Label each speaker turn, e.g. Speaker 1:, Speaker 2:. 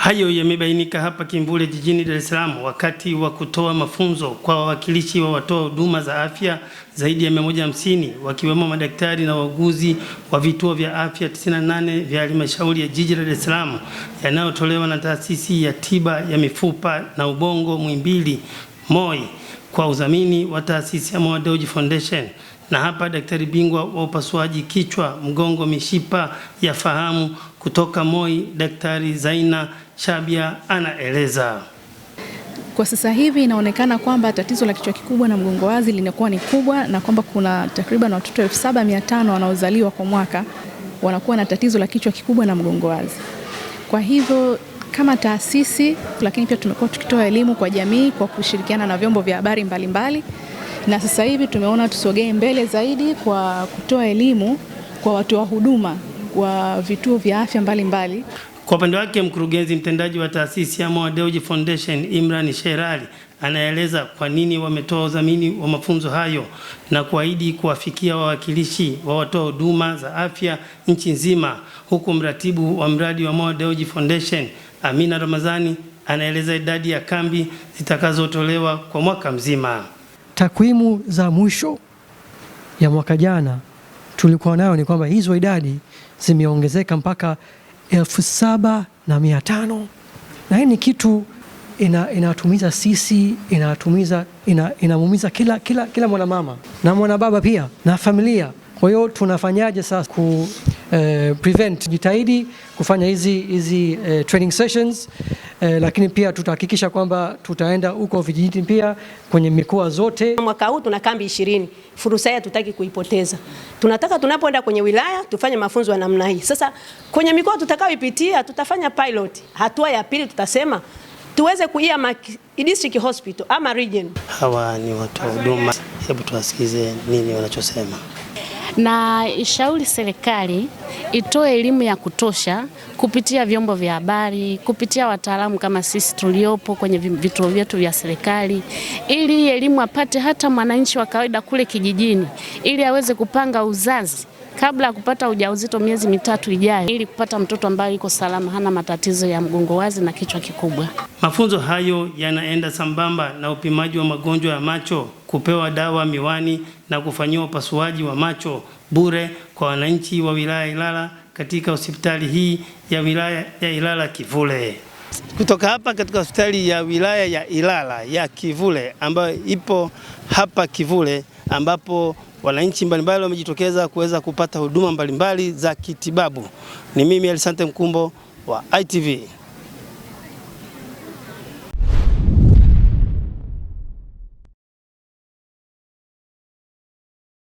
Speaker 1: Hayo yamebainika hapa Kimvule jijini Dar es Salaam wakati wa kutoa mafunzo kwa wawakilishi wa watoa huduma za afya zaidi ya 150 wakiwemo madaktari na wauguzi wa vituo vya afya 98 vya halmashauri ya jiji la Dar es Salaam yanayotolewa na taasisi ya tiba ya mifupa na ubongo Muhimbili MOI kwa udhamini wa taasisi ya Mwadeuji Foundation na hapa daktari bingwa wa upasuaji kichwa, mgongo, mishipa ya fahamu kutoka MOI Daktari Zaina Shabia anaeleza.
Speaker 2: Kwa sasa hivi inaonekana kwamba tatizo la kichwa kikubwa na mgongo wazi linakuwa ni kubwa na kwamba kuna takriban watoto 7500 wanaozaliwa kwa mwaka wanakuwa na tatizo la kichwa kikubwa na mgongo wazi. Kwa hivyo kama taasisi, lakini pia tumekuwa tukitoa elimu kwa jamii kwa kushirikiana na vyombo vya habari mbalimbali, na sasa hivi tumeona tusogee mbele zaidi kwa kutoa elimu kwa watu wa huduma wa vituo vya afya mbalimbali mbali.
Speaker 1: Kwa upande wake mkurugenzi mtendaji wa taasisi ya Moyo Dewji Foundation Imran Sherali anaeleza kwa nini wametoa udhamini wa mafunzo hayo na kuahidi kuwafikia wawakilishi wa watoa huduma za afya nchi nzima, huku mratibu wa mradi wa Moyo Dewji Foundation Amina Ramadhani anaeleza idadi ya kambi zitakazotolewa kwa mwaka mzima.
Speaker 3: Takwimu za mwisho ya mwaka jana tulikuwa nayo ni kwamba hizo idadi zimeongezeka mpaka elfu saba na mia tano na hii ni kitu ina, inatumiza sisi inatumiza ina, inamumiza kila, kila, kila mwanamama na mwanababa pia na familia. Kwa hiyo tunafanyaje sasa ku Eh, prevent jitahidi kufanya hizi hizi eh, training sessions eh, lakini pia tutahakikisha kwamba tutaenda huko vijijini pia kwenye mikoa zote.
Speaker 4: Mwaka huu tuna kambi ishirini. Fursa hii tutaki kuipoteza. Tunataka tunapoenda kwenye wilaya tufanye mafunzo ya namna hii. Sasa kwenye mikoa tutakayoipitia tutafanya pilot. Hatua ya pili tutasema tuweze kuia district hospital ama region.
Speaker 5: Hawa ni watu wa huduma, hebu tuwasikize nini wanachosema
Speaker 6: na ishauri serikali itoe elimu ya kutosha kupitia vyombo vya habari, kupitia wataalamu kama sisi tuliopo kwenye vituo vyetu vya serikali, ili elimu apate hata mwananchi wa kawaida kule kijijini, ili aweze kupanga uzazi kabla ya kupata ujauzito miezi mitatu ijayo, ili kupata mtoto ambaye yuko salama, hana matatizo ya mgongo wazi na kichwa kikubwa.
Speaker 1: Mafunzo hayo yanaenda sambamba na upimaji wa magonjwa ya macho, kupewa dawa miwani na kufanyiwa upasuaji wa macho bure kwa wananchi wa wilaya Ilala katika hospitali hii ya wilaya ya Ilala Kivule.
Speaker 7: Kutoka hapa katika hospitali ya wilaya ya Ilala ya Kivule ambayo ipo hapa Kivule ambapo wananchi mbalimbali wamejitokeza kuweza kupata huduma mbalimbali za kitibabu. Ni mimi Elisante Mkumbo wa ITV.